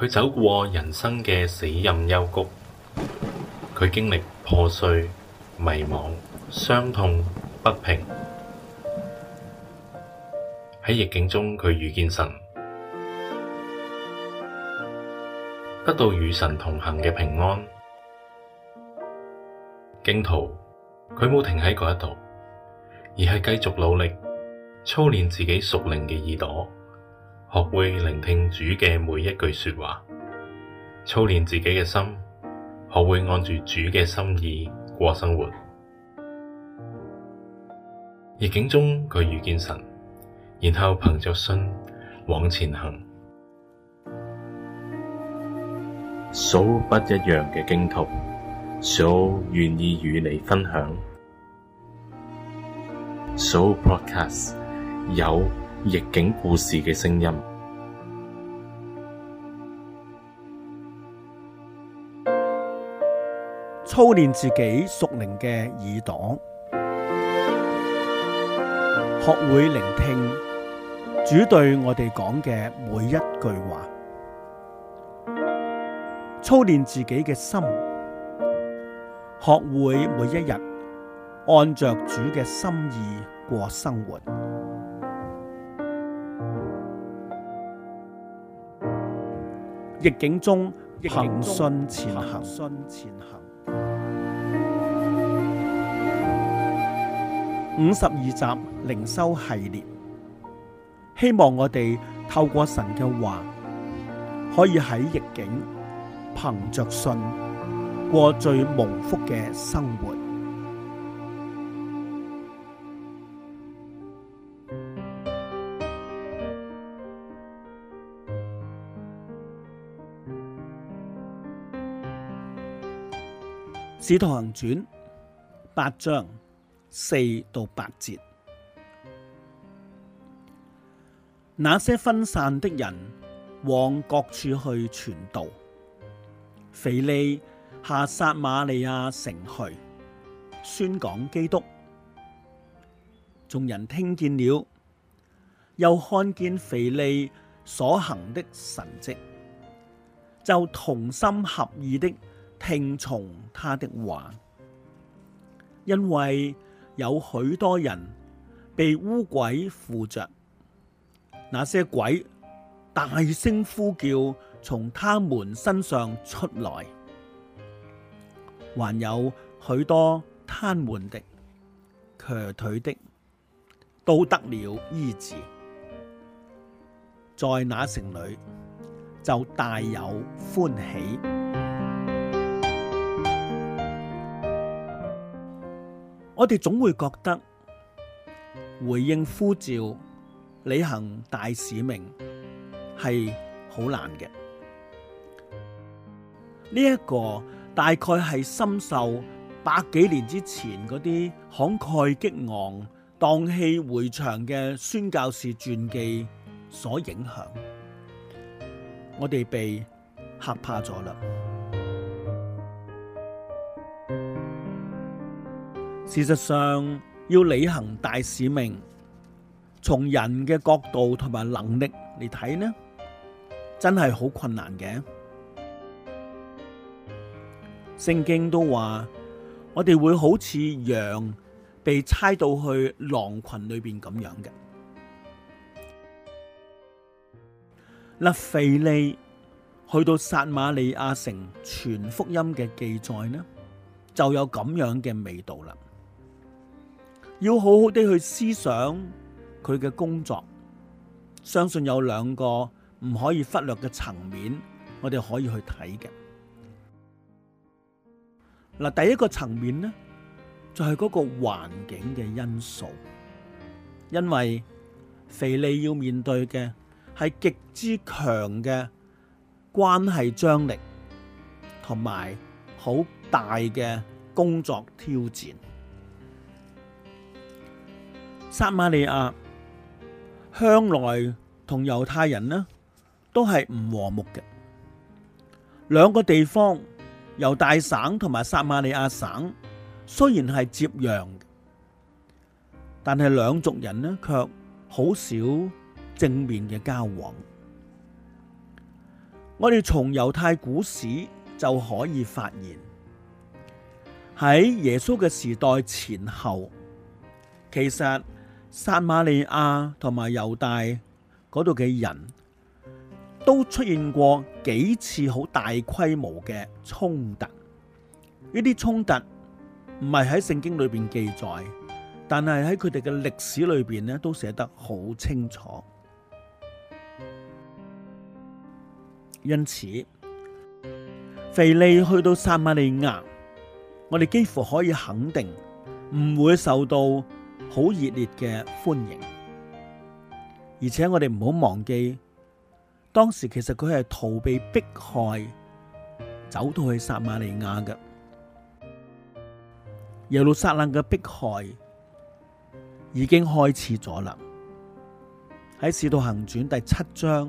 佢走過人生嘅死蔭幽谷，佢經歷破碎、迷茫、傷痛、不平。喺逆境中，佢遇見神，得到與神同行嘅平安。荊徒，佢冇停喺嗰一度，而係繼續努力操練自己熟靈嘅耳朵。學會聆聽主嘅每一句說話，操練自己嘅心，學會按住主嘅心意過生活。逆境中佢遇見神，然後憑着信往前行。數不一樣嘅經途，數願意與你分享。數 Podcast 有。逆境故事嘅聲音，操練自己屬靈嘅耳朵，學會聆聽主對我哋講嘅每一句話。操練自己嘅心，學會每一日按着主嘅心意過生活。逆境中，憑信前行。五十二集靈修系列，希望我哋透過神嘅話，可以喺逆境，憑着信過最蒙福嘅生活。《使徒行傳》八章四到八節，那些分散的人往各處去傳道。腓利下撒瑪利亞城去宣講基督，眾人聽見了，又看見腓利所行的神蹟，就同心合意的，聽從他的話，因為有許多人被污鬼附着，那些鬼大聲呼叫，從他們身上出來，還有許多癱瘓的、瘸腿的，都得了醫治，在那城裏就大有歡喜。我哋總會覺得回應呼召、履行大使命係好難嘅。呢、這、一個大概係深受百幾年之前嗰啲慷慨激昂、蕩氣迴腸嘅宣教士傳記所影響，我哋被嚇怕咗啦。事實上，要履行大使命，從人嘅角度同埋能力嚟睇呢，真係好困難嘅。聖經都話，我哋會好似羊被猜到去狼群裏邊咁樣嘅。嗱，腓利去到撒馬利亞城，全福音嘅記載呢，就有咁樣嘅味道啦。要好好地去思想佢嘅工作，相信有兩個唔可以忽略嘅層面，我哋可以去睇嘅。嗱，第一個層面呢，就係嗰個環境嘅因素，因為腓利要面對嘅係極之強嘅關係張力，同埋好大嘅工作挑戰。撒瑪利亞向來同猶太人呢，都係唔和睦嘅。兩個地方，猶大省同埋撒瑪利亞省雖然係接壤，但係兩族人呢，卻好少正面嘅交往。我哋從猶太古史就可以發現，喺耶穌嘅時代前後，其實。撒瑪利亞同埋猶大嗰度嘅人都出現過幾次好大規模嘅衝突，呢啲衝突唔係喺聖經裏邊記載，但係喺佢哋嘅歷史裏邊咧都寫得好清楚。因此，腓利去到撒瑪利亞，我哋幾乎可以肯定唔會受到。好熱烈嘅歡迎，而且我哋唔好忘記，當時其實佢係逃避迫害，走到去撒瑪利亞㗎。耶路撒冷嘅迫害已經開始咗啦。喺《使徒行傳》第七章，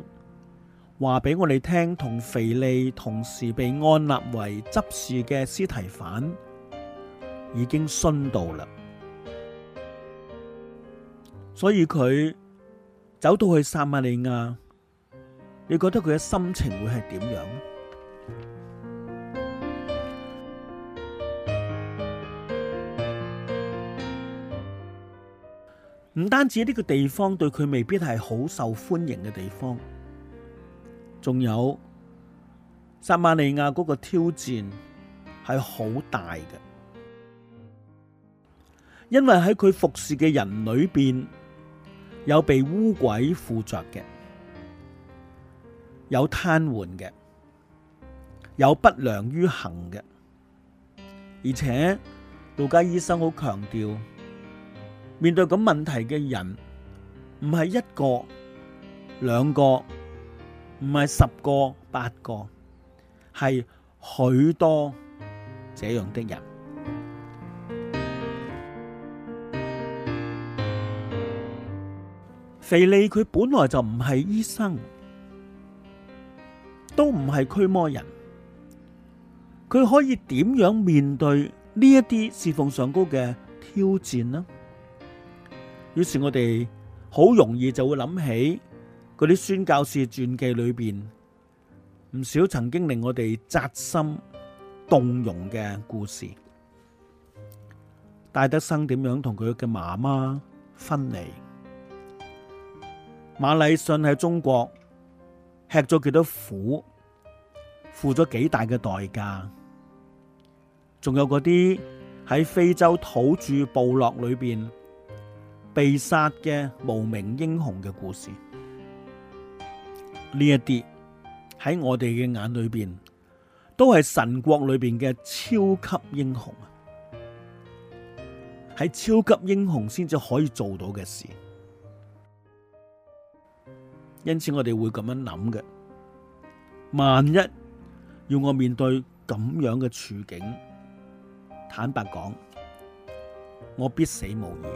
話俾我哋聽，同腓利同時被按立為執事嘅司提反已經殉道啦。所以佢走到去撒瑪利亞，你覺得佢嘅心情會係點樣？唔單止呢個地方對佢未必係好受歡迎嘅地方，仲有撒瑪利亞嗰個挑戰係好大嘅，因為喺佢服侍嘅人裏邊。有被污鬼附着嘅，有癱瘓嘅，有不良於行嘅，而且路加醫生好強調，面對咁問題嘅人，唔係一個、兩個，唔係十個、八個，係許多這樣的人。腓利佢本來就唔係醫生，都唔係驅魔人，佢可以點樣面對呢一啲侍奉上高嘅挑戰呢？於是我哋好容易就會諗起嗰啲宣教士傳記裏邊唔少曾經令我哋扎心動容嘅故事，戴德生點樣同佢嘅媽媽分離？馬禮信喺中國吃咗幾多苦，付咗幾大嘅代價，仲有嗰啲喺非洲土著部落裏邊被殺嘅無名英雄嘅故事，呢一啲喺我哋嘅眼裏邊，都係神國裏邊嘅超級英雄，係超級英雄先至可以做到嘅事。因此我哋會咁樣諗嘅。萬一要我面對咁樣嘅處境，坦白講，我必死無疑。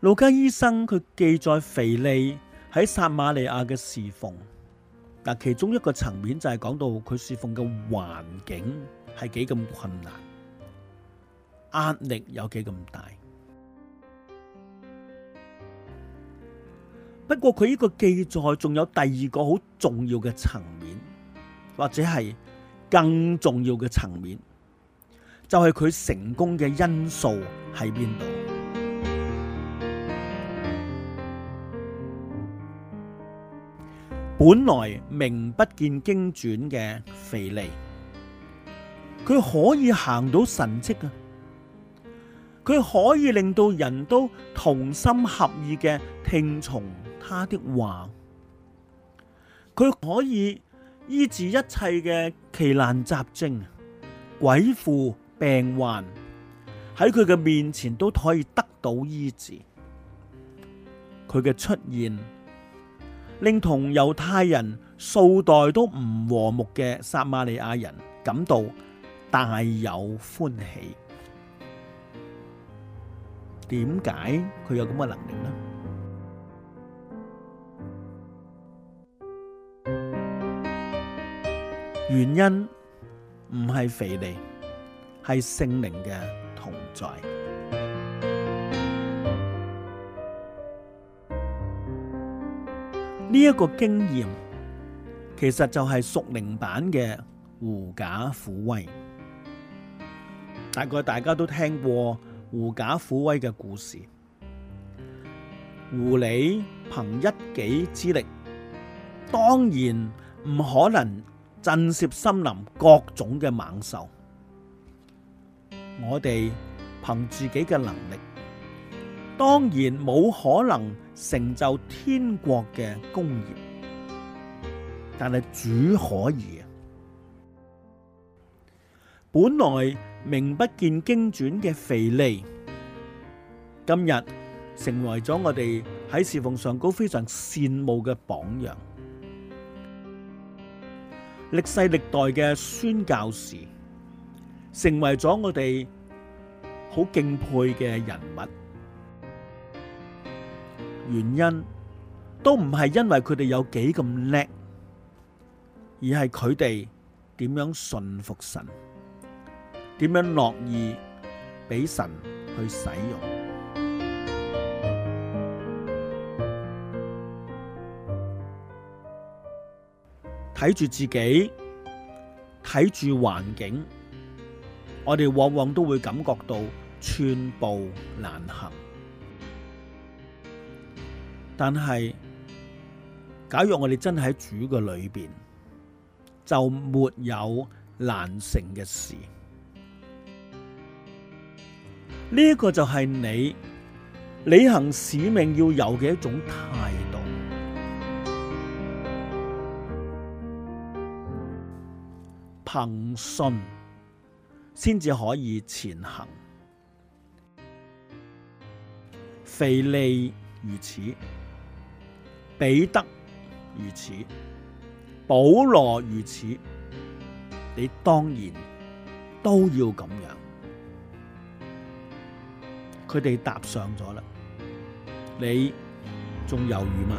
路加醫生佢記載腓利喺撒瑪利亞嘅侍奉，嗱其中一個層面就係講到佢侍奉嘅環境係幾咁困難。壓力有幾咁大？不過佢呢個記載仲有第二個好重要嘅層面，或者係更重要嘅層面，就係、是、佢成功嘅因素喺邊度？本來名不見經傳嘅腓利，佢可以行到神蹟啊！佢可以令到人都同心合意嘅聽從他的話，佢可以醫治一切嘅奇難雜症，鬼附病患喺佢嘅面前都可以得到醫治。佢嘅出現，令同猶太人數代都唔和睦嘅撒瑪利亞人感到大有歡喜。點解佢有咁嘅能力呢？原因唔係腓利，係聖靈嘅同在。呢、這、一個經驗，其實就係屬靈版嘅狐假虎威，大概大家都聽過。狐假虎威嘅故事，狐狸憑一己之力，當然唔可能震懾森林各種嘅猛獸。我哋憑自己嘅能力，當然冇可能成就天國嘅工業，但係主可以啊！本來。名不見經傳嘅腓利，今日成為咗我哋喺侍奉上高非常羨慕嘅榜樣。歷世歷代嘅宣教士，成為咗我哋好敬佩嘅人物。原因都唔係因為佢哋有幾咁叻，而係佢哋點樣順服神。點樣樂意俾神去使用？睇住自己，睇住環境，我哋往往都會感覺到寸步難行。但係，假若我哋真係喺主嘅裏邊，就沒有難成嘅事。呢、這個就係你履行使命要有嘅一種態度，憑信先至可以前行。腓利如此，彼得如此，保羅如此，你當然都要咁樣。佢哋踏上咗啦，你仲猶豫嗎？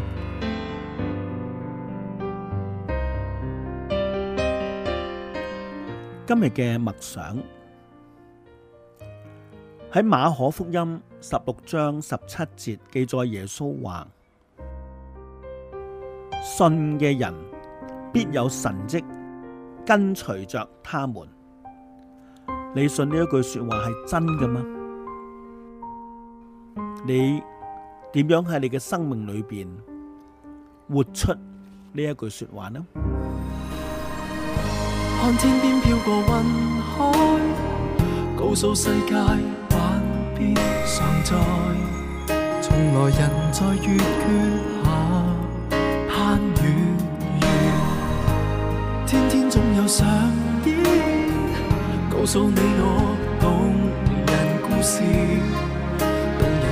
今日嘅默想喺馬可福音十六章十七節記載耶穌話：信嘅人必有神蹟跟隨着他們。你信呢一句說話係真嘅嗎？你點樣喺你嘅生命裏邊活出呢一句説話呢？看天邊飄過雲海，告訴世界幻變常在。從來人在月缺下盼月圓，天天總有上演，告訴你我動人故事。